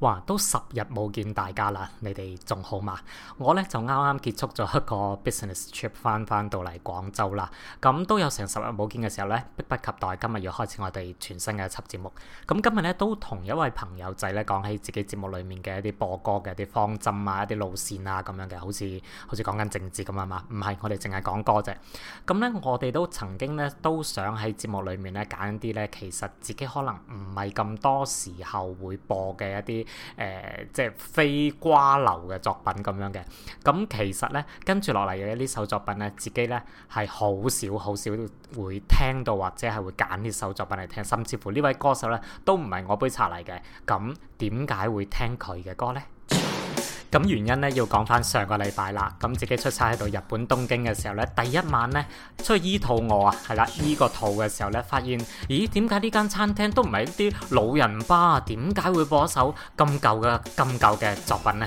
哇！都十日冇見大家啦，你哋仲好嘛？我咧就啱啱結束咗一個 business trip，翻翻到嚟廣州啦。咁都有成十日冇見嘅時候咧，迫不及待今日要開始我哋全新嘅一輯節目。咁今日咧都同一位朋友仔咧講起自己節目裏面嘅一啲播歌嘅一啲方針啊、一啲路線啊咁樣嘅，好似好似講緊政治咁啊嘛？唔係，我哋淨係講歌啫。咁咧，我哋都曾經咧都想喺節目裏面咧揀一啲咧，其實自己可能唔係咁多時候會播嘅一啲。誒、呃，即係非瓜流嘅作品咁樣嘅。咁其實咧跟住落嚟嘅呢首作品咧，自己咧係好少好少會聽到或者係會揀呢首作品嚟聽，甚至乎呢位歌手咧都唔係我杯茶嚟嘅，咁點解會聽佢嘅歌咧？咁原因咧要講翻上個禮拜啦，咁自己出差喺度日本東京嘅時候咧，第一晚咧，出去醫肚餓啊，係啦，醫個肚嘅時候咧，發現，咦，點解呢間餐廳都唔係一啲老人吧，點解會播一首咁舊嘅咁舊嘅作品呢？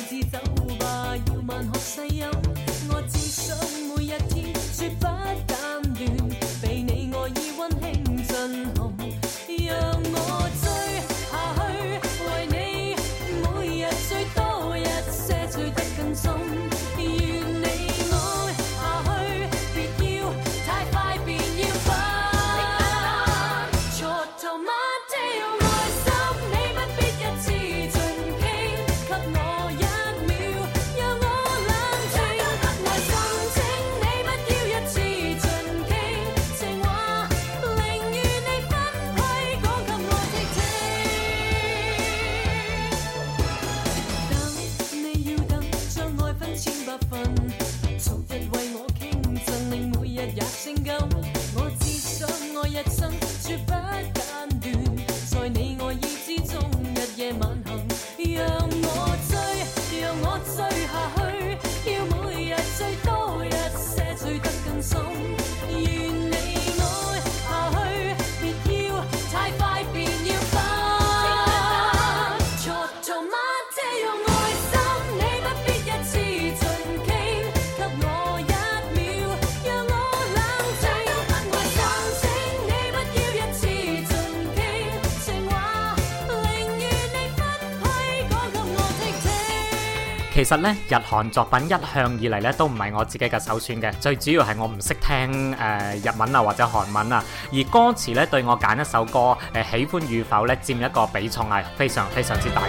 其實咧，日韓作品一向以來咧都唔係我自己嘅首選嘅，最主要係我唔識聽、呃、日文啊或者韓文啊，而歌詞咧對我揀一首歌、呃、喜歡與否咧佔一個比重係非常非常之大。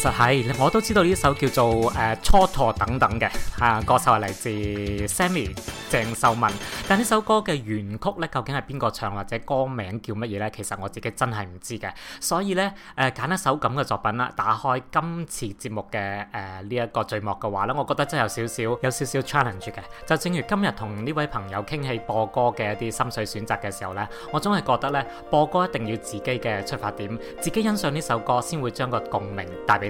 實係，我都知道呢首叫做《Chotto》等等嘅，啊，歌手係嚟自 Sammy 鄭秀文。但呢首歌嘅原曲咧，究竟係邊個唱或者歌名叫乜嘢咧？其實我自己真係唔知嘅。所以呢，誒、呃、揀一首咁嘅作品啦，打開今次節目嘅誒呢一個序幕嘅話咧，我覺得真係有少少有少少 challenge 嘅。就正如今日同呢位朋友傾起播歌嘅一啲心水選擇嘅時候呢，我總係覺得呢，播歌一定要自己嘅出發點，自己欣賞呢首歌先會將個共鳴帶俾。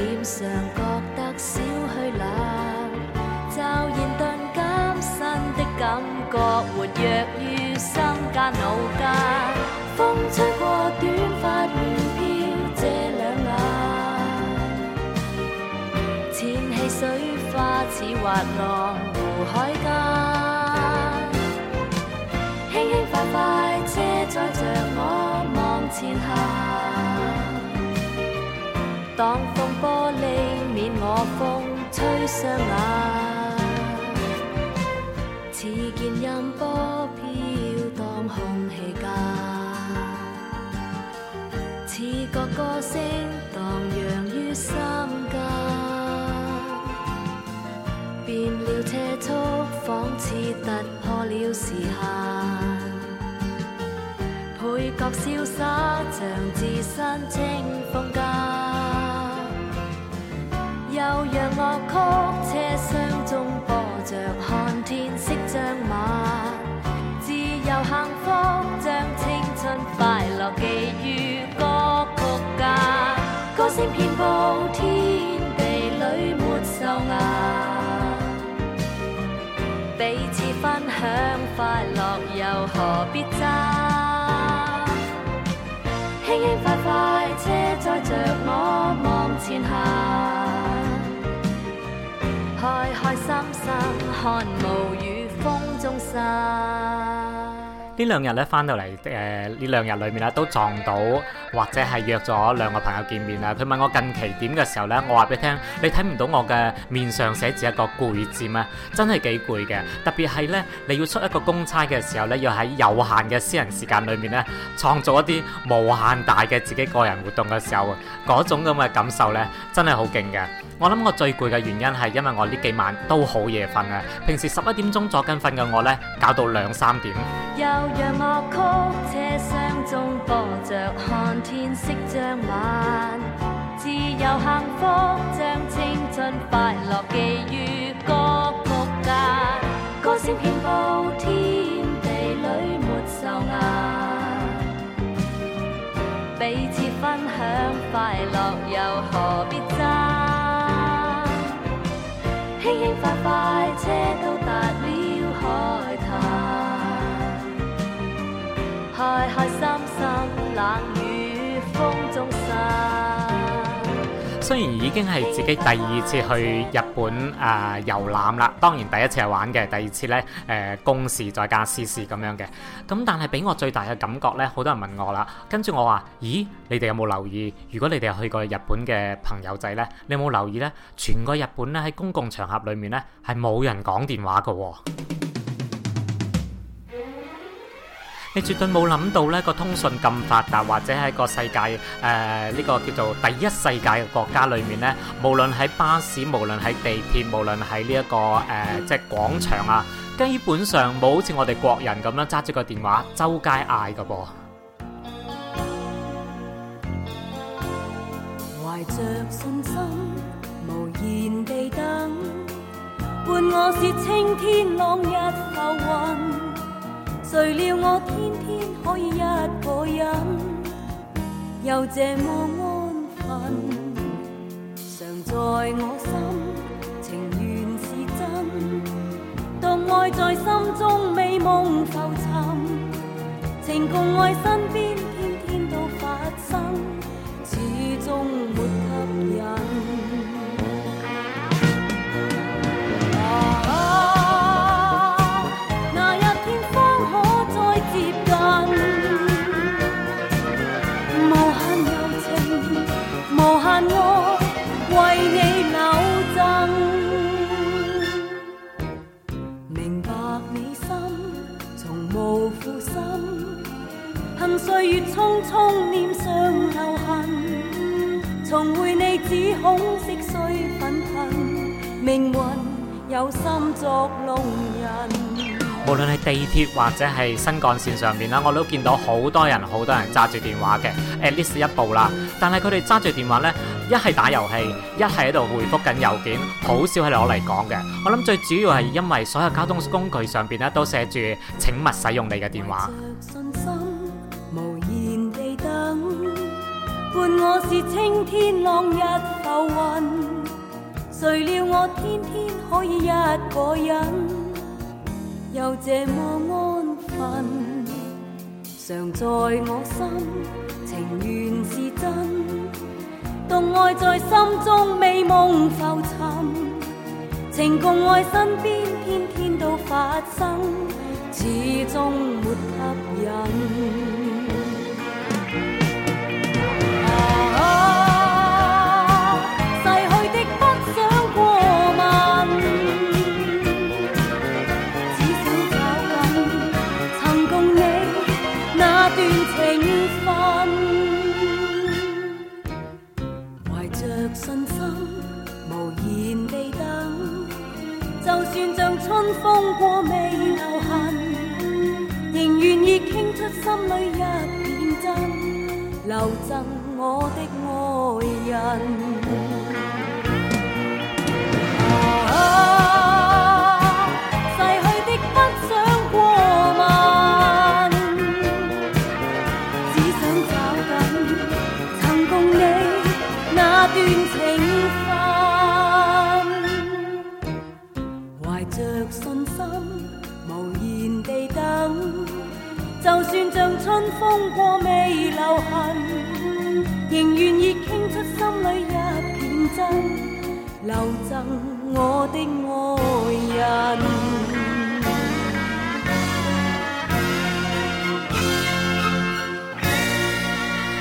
臉上覺得少許冷，驟然頓減新的感覺，活躍於心間腦間。風吹過短發如飄,飄這兩眼，淺淺水花似滑浪湖海間，輕輕快快車載着我往前行。和風吹上眼，似見音波飄蕩空氣間，似覺歌聲蕩漾於心間，變了車速，仿似突破了時限，倍覺瀟灑，像自身青。讓樂曲車廂中播着，看天色將晚，自由幸福，將青春快樂寄於歌曲間，歌聲遍布天地裏沒愁顏，啊，彼此分享快樂，又何必爭？看，霧雨風中散。這兩天呢兩日咧返到嚟，誒、呃、呢兩日裏面咧都撞到或者係約咗兩個朋友見面啊！佢問我近期點嘅時候呢，我話俾你聽，你睇唔到我嘅面上寫住一個攰字咩？真係幾攰嘅，特別係呢，你要出一個公差嘅時候呢，要喺有限嘅私人時間裏面呢，創造一啲無限大嘅自己個人活動嘅時候，嗰種咁嘅感受呢，真係好勁嘅。我諗我最攰嘅原因係因為我呢幾晚都好夜瞓啊！平時十一點鐘坐緊瞓嘅我呢，搞到兩三點。讓樂曲，車廂中播着，看天色將晚，自由幸福。雖然已經係自己第二次去日本誒遊覽啦，當然第一次係玩嘅，第二次呢、呃，公事再加私事咁樣嘅。咁但係俾我最大嘅感覺呢，好多人問我啦，跟住我話：咦，你哋有冇留意？如果你哋有去過日本嘅朋友仔呢，你有冇留意呢？全個日本咧喺公共場合裏面呢，係冇人講電話㗎喎、哦。你絕對冇諗到呢個通訊咁發達，或者喺個世界誒呢、呃，這個叫做第一世界嘅國家裏面呢，無論喺巴士，無論喺地鐵，無論喺呢一個誒、呃、即係廣場啊，基本上冇好似我哋國人咁樣揸住個電話周街嗌噶噃懷着信心，無言地等，伴我是青天朗日浮雲。誰料我天天可以一個人，又這麼安分。常在我心，情願是真。當愛在心中，美夢浮沉，情共愛身邊。月匆匆臉上流痕，重回你只恐色衰紛紛，命運有心作弄人，無論係地鐵或者係新幹線上面啦，我都見到好多人，好多人揸住電話嘅。At least 一部啦，但係佢哋揸住電話呢一係打遊戲，一係喺度回覆緊郵件，好少係攞嚟講嘅。我諗最主要係因為所有交通工具上邊咧都寫住請勿使用你嘅電話。伴我是青天朗日浮雲，誰料我天天可以一個人，又這麼安分。常在我心，情願是真，動愛在心中美夢浮沉，情共愛身邊天天都發生，始終沒吸引。留贈我的愛人。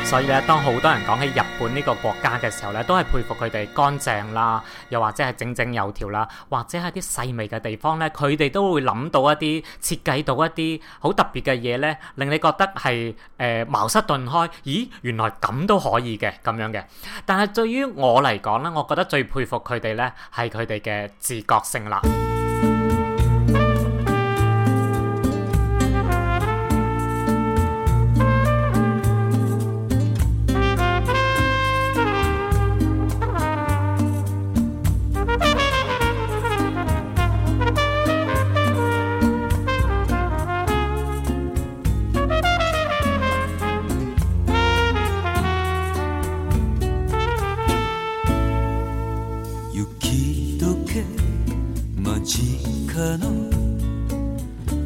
所以咧，當好多人講起日本呢個國家嘅時候咧，都係佩服佢哋乾淨啦，又或者係整整有條啦，或者係啲細微嘅地方咧，佢哋都會諗到一啲設計到一啲好特別嘅嘢咧，令你覺得係誒、呃、茅塞頓開。咦，原來咁都可以嘅，咁樣嘅。但係對於我嚟講咧，我覺得最佩服佢哋咧，係佢哋嘅自覺性啦。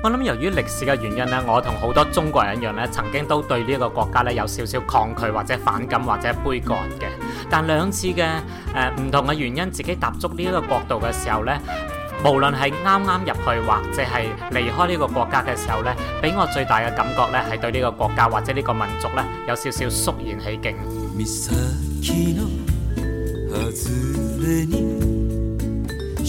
我諗，由於歷史嘅原因呢，我同好多中國人一樣咧，曾經都對呢一個國家咧有少少抗拒，或者反感，或者悲觀嘅。但兩次嘅呃、唔同嘅原因，自己踏足呢一個國度嘅時候呢，無論係啱啱入去或者係離開呢個國家嘅時候呢，俾我最大嘅感覺呢係對呢個國家或者呢個民族呢，有少少肅然起敬。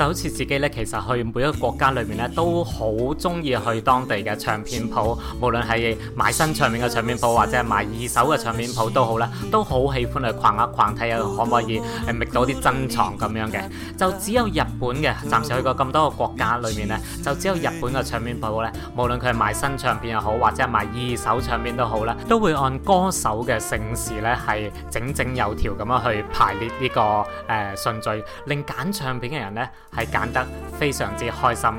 就好似自己咧，其實去每一個國家裏面咧，都好中意去當地嘅唱片鋪，無論係買新唱片嘅唱片鋪，或者係買二手嘅唱片鋪都好啦，都好喜歡去逛一逛睇下可唔可以誒搵到啲珍藏咁樣嘅。就只有日本嘅，暫時去過咁多個國家裏面咧，就只有日本嘅唱片鋪咧，無論佢係買新唱片又好，或者係買二手唱片都好啦，都會按歌手嘅姓氏咧係整整有條咁樣去排列呢、這個誒順、呃、序，令揀唱片嘅人咧。係揀得非常之開心。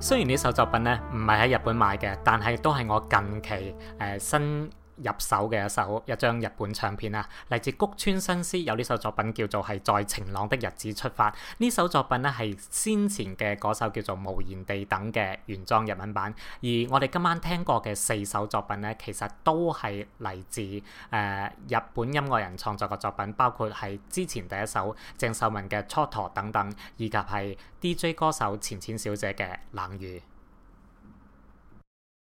雖然呢首作品呢唔係喺日本買嘅，但係都係我近期誒、呃、新。入手嘅一首一張日本唱片啊，嚟自谷村新司，有呢首作品叫做係在晴朗的日子出發。呢首作品呢，係先前嘅嗰首叫做無言地等嘅原裝日文版。而我哋今晚聽過嘅四首作品呢，其實都係嚟自誒、呃、日本音樂人創作嘅作品，包括係之前第一首鄭秀文嘅 Chotto 等等，以及係 DJ 歌手錢錢小姐嘅冷雨。